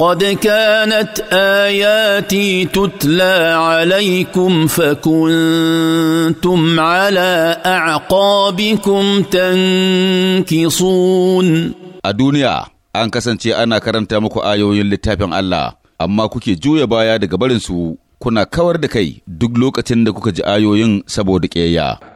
قد كانت اياتي تتلى عليكم فكنتم على اعقابكم تنكصون a duniya an kasance ana karanta muku ayoyin littafin Allah amma kuke juya baya daga barinsu kuna kawar da kai duk lokacin da kuka ji ayoyin saboda ƙeya.